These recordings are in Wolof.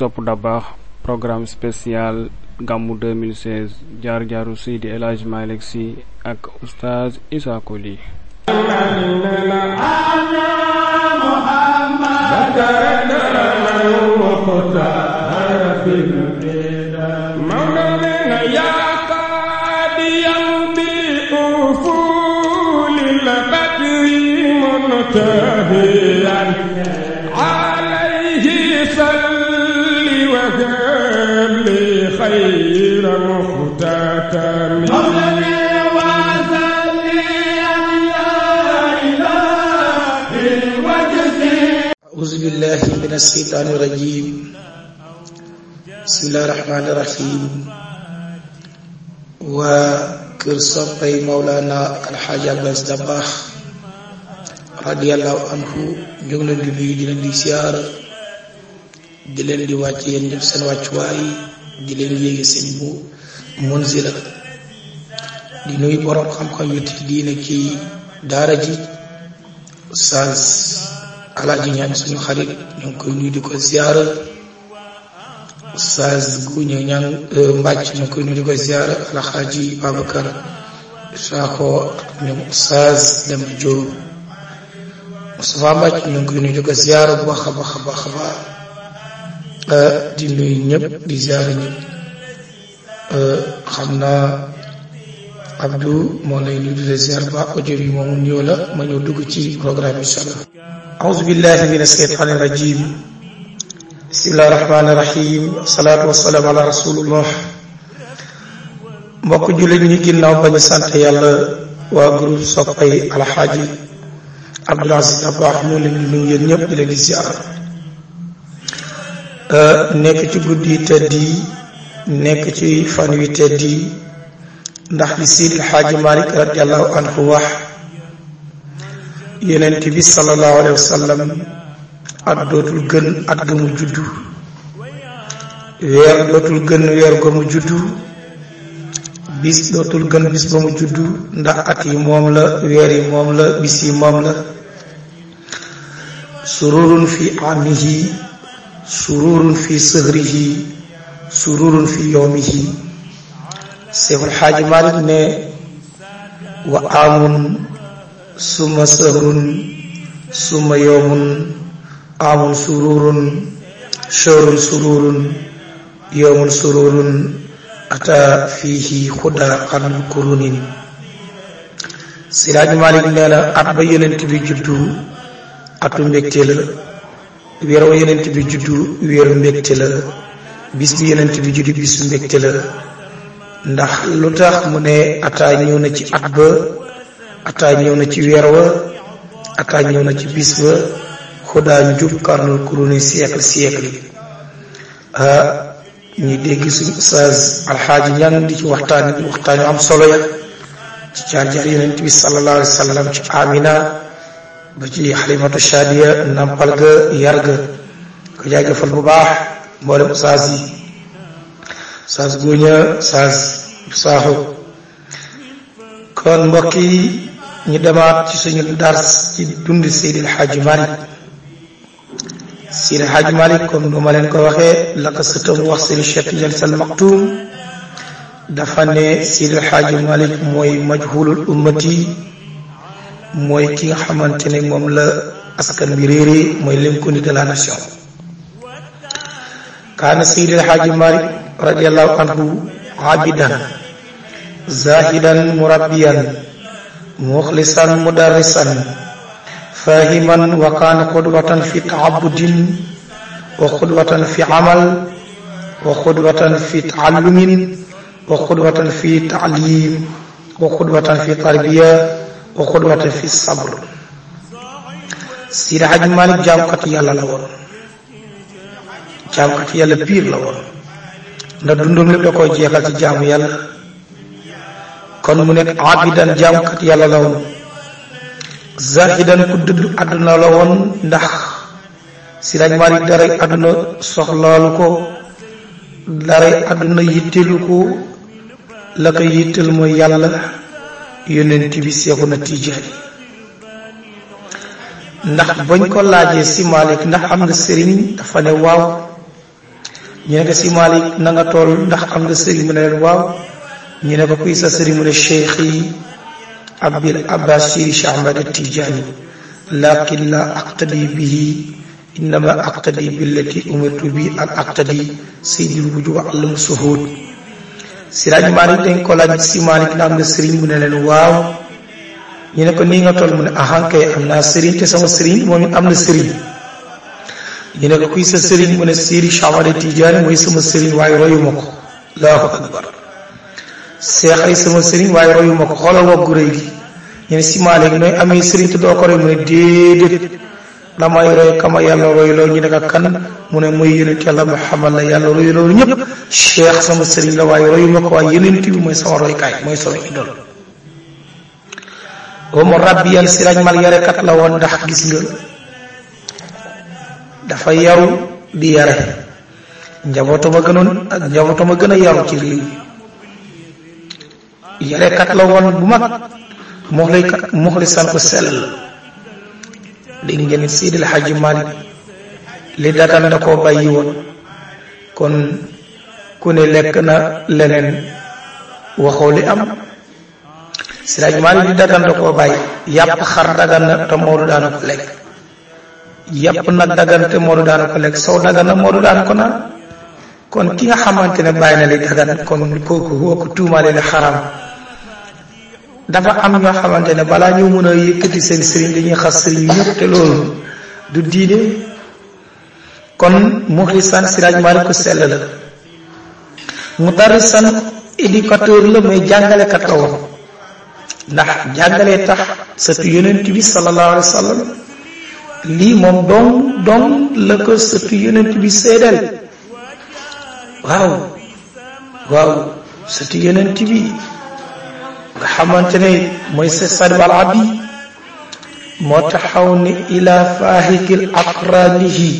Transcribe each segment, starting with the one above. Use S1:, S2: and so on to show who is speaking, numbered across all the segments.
S1: sopp da baax programme spécial gàmmu 2016 jaar jaaru Seydi El Hadji ak oustaz Issa Coly خير مختتم
S2: أعوذ بالله من الشيطان الرجيم بسم الله الرحمن الرحيم وكر صبي مولانا الحاج عباس دباح رضي الله عنه ñu ngi leen di nuyu di leen di siyaar di leen di wàcc yéen ñëpp seen wàccuwaay di leen yéege seen bu munzila di nuy boroom xam-xam yu ti diine ci daara ji saas alaaji ñaan suñu xarit ñu ngi koy nuy di ko ziyaara saas gu ñu ñaan euh, mbàcc ñu koy nuy di ko ziyaara alxaaji Babacar Sakho ak saas dem jóob Moustapha Mbàcc ñu koy nuy di ko ziyaara bu baax a baax a baax Euh, di nuyu di ziare ñëpp euh, xam naa Abdou moo lay nuyu di la ziar ba audio bi moom ñëw la ma ñëw dugg ci programme incha allah. auzu billahi min asheytaani rajim bismillahi rahmaani rahim salaatu wasalaam ala rasulullah mbokk jullit ñi ginnaaw ba ñu sant yàlla waa groupe soppay alxaaji Abdoul Aziz Dabakh ñoo leen di nuyu yéen ñëpp di leen di ziar. Euh, nekk ci guddi tedd yi nekk ci fan wi tedd yi ndax li Seydil Xaaji Malik radiallahu anhu wax yonent bi sallallahu alayhi wa at dootul gën at ga mu juddu weer dootul gën weer ga mu juddu bis dootul gën bis ba mu juddu ndax at yi moom la weer yi moom la bis yi moom la sururun fi amihi sururun fi sëhrihi sururun fi yowmihi seexul xaaji malik ne wa amun suma sëhrun suma yowmun amun sururun sururun yowmun sururun ata fiihi xudda xanal kurunin siraaj malik nee na at ba yonent bi juddu atu mbégte la weer wa yenent bi juddu bi weeru mbégte la bis bi yenent bi juddu bisu mbégte la ndax lu tax mu ne ataa ñëw na ci at ba ataa ñëw na ci weer wa ataa ñëw na ci bis ba xudaa njub karnul kuruni siècle siècle ah ñu dégg suñu ustaaz alxaaji ñan di ci waxtaan waxtaan yu am solo ya ci jaar jaar yenent bi sallallahu alayhi ci amina ba ci xalimatu shaadiya nampal ga yar ga ko jaajëfal bu baax mboolem saas yi saas guuña saas saaxu kon mbokk yi ñu demaat ci suñu dars ci dund Seydil Hadji Malick Seydil Hadji Malick comme nu ko waxee la ko sëtam wax Seydil Cheikh Tidiane mooy majhulul ummati mooy ki nga xamante askan bi mooy l'inconnu de la nation kaana sayyid alxaaji malik radiallahu anhu abidan zahidan murabbiyan muxlisan mudarrisan fahiman wa kaana qudwatan fi taabudin wa qudwatan fi amal wa qudwatan fi taalim wa qudwatan fi tarbiya wa xudwata fi sabr Seydi Hajji Malik jaamkat yàlla la woon jaamkat yàlla piir la woon ndax dundam lépp da koy jeexal ci jaamu yàlla kon mu nekk abidan jaamkat yàlla la woon zahidan ku dëdd àdduna la woon ndax Seydi Hajji Malik daray àdduna soxlaalu ko daray àdduna yitteelu ko la ko yitteel mooy yàlla yonent bi seexu na tijaani ndax bañ ko laajee si ndax am nga sëriñ dafa ne waaw ñu ne ko si Malick na nga toll ndax am nga sëriñ mu ne leen waaw ñu ne ko kuy sa sëriñ mu ne cheikh yi abdil abbas Cheikh Ahmad Tijaani lakin la aqtadi bihi innama aqtadi billati umirtu bi ak aqtadi sayyidil wujud wa allamu suhud Siraaj Maalik dañ ko laaj si Maalik na am nga sëriñ mu ne leen waaw ñu ne ko nii nga toll mu ne ahankay am naa sëriñ te sama sëriñ moom it am na sëriñ ñu ne ko kuy sa sëriñ mu ne Seydi Ahmad Tijaani mooy sama sëriñ waaye royuma ko Allahu sama sëriñ waaye royuma ko xoolal waggu rëy gi ñu ne nooy amee sëriñ te doo ko roy mu ne déedéet damay roy kama yàlla royloo ñu ne ko kan mu ne mooy yonent yàlla Muhammad la yàlla royloo ñëpp cheikh sama sëriñ la waaye royuma ko waaye yonent bi mooy sama roykaay mooy sama idol
S1: homo rabbi a
S2: yaru ci lii yarekat la woon bu mag moxlikat moxlisan sell dégg ngeen Sidil Hadji Malick li dagan da koo bàyyi woon kon ku ne lekk na leneen waxoo li am Sidil Hadji Malick li dagan da koo bàyyi yàpp xar dagan na te Moodu daana ko lekk yàpp nag dagan te Moodu ko na naan kon ki nga xamante ne bàyyi na li dagan kon kooku woo ko tuumaale ne xaraam dafa am ñoo xamante ne balaa ñu mën a yëkkati seen sëriñ dañuy xas sëriñ yëpp te loolu du diine kon muxlisan siraj malik ko sell la mudarrisan éducateur la mais jàngalekat la woon ndax jàngalee tax sëtu yonent bi sallallahu alayhi wa waaw waaw sëtu bi nga xamante ne mooy Seex Saaliw al Abdi moo taxaw ne ila faahikil aqranihi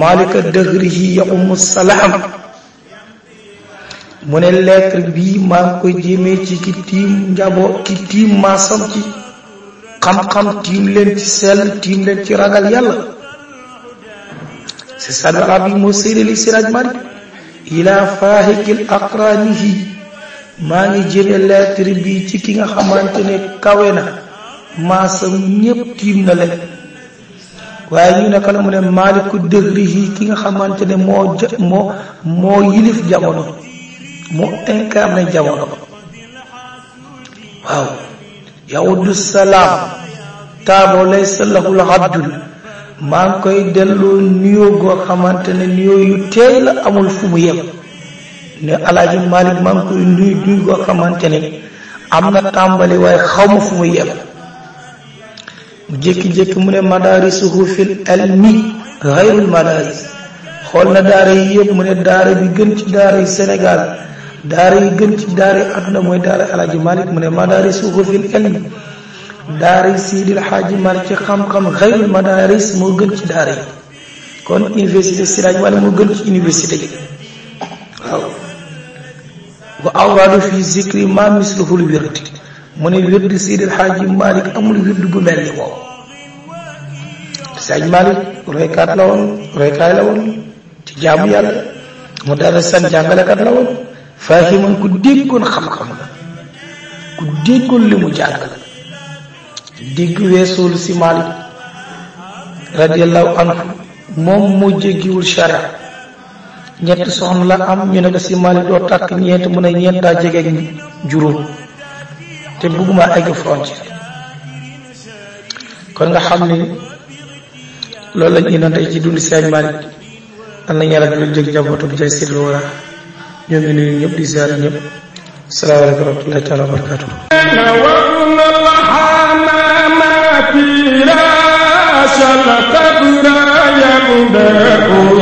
S2: malika dëhrihi yaqumu salaam mu ne lettre bii maa ngi koy jéemee ci ki tiim njaboo ki ci xam-xam tiim leen ci sell tiim leen ci ragal yàlla Seex Saaliw al Abdi moo séedali Siraaj Maalik ila faahikil aqranihi maa ngi jële lettre bi ci ki nga xamante ne kawe na maasam ñépp tiim na leen waaye ñu ne kala mu ne maaliku dëgri yi ki nga xamante ne moo ja moo moo yilif jamono moo incarné jamono waaw yawdu salaam taabo laysa lahul maa ngi koy delloo nuyoo goo xamante ne nuyoo yu teey la amul fu mu yem ne alaaji Malick maa ngi koy nuyu nuyu goo xamante ne am na tàmbali waaye xaw ma fu muy yem mu jékki-jékki mu ne madaarisuhu fil ilmi xayrul madaaris xool na daara yi yëpp mu ne daara bi gën ci daara yi Sénégal daara yi gën ci daara yi àdduna mooy daara alaaji Malick mu ne madaarisuhu fil ilmi daara yi Siidil Xaaji Malick ci xam-xam xayrul madaaris moo gën ci daara yi kon université Siraaj Malick moo gën ci université yi waaw wa awraadu fi zikri ma misluhul wirdi mu ne wirdi Seydi El Hadji Malick amul wirdi bu mel ni moom Seydi Malick roykaat la woon roykaay la woon ci jaamu yàlla mu dara san jàngalekat la woon faahiman ku déggoon xam-xam la ku déggoon li mu jàng dégg weesul si Malick radiallahu anhu moom moo jéggiwul charia ñett soxna la am ñu ne ko si Mali doo takk ñeent mu a ñeent daa jegeeg juróom te bëgguma egg frontière kon nga xam ni loolu lañ indoon tey ci dundu Sëriñ Malick am na ñaar ak lu jëg njabootu bu jay sidlu wala ñoo ngi nuyu ñëpp di ziar ñëpp salaamaaleykum wa rahmatullahi taala wa barakatu
S1: ورحمة ما في لا شلت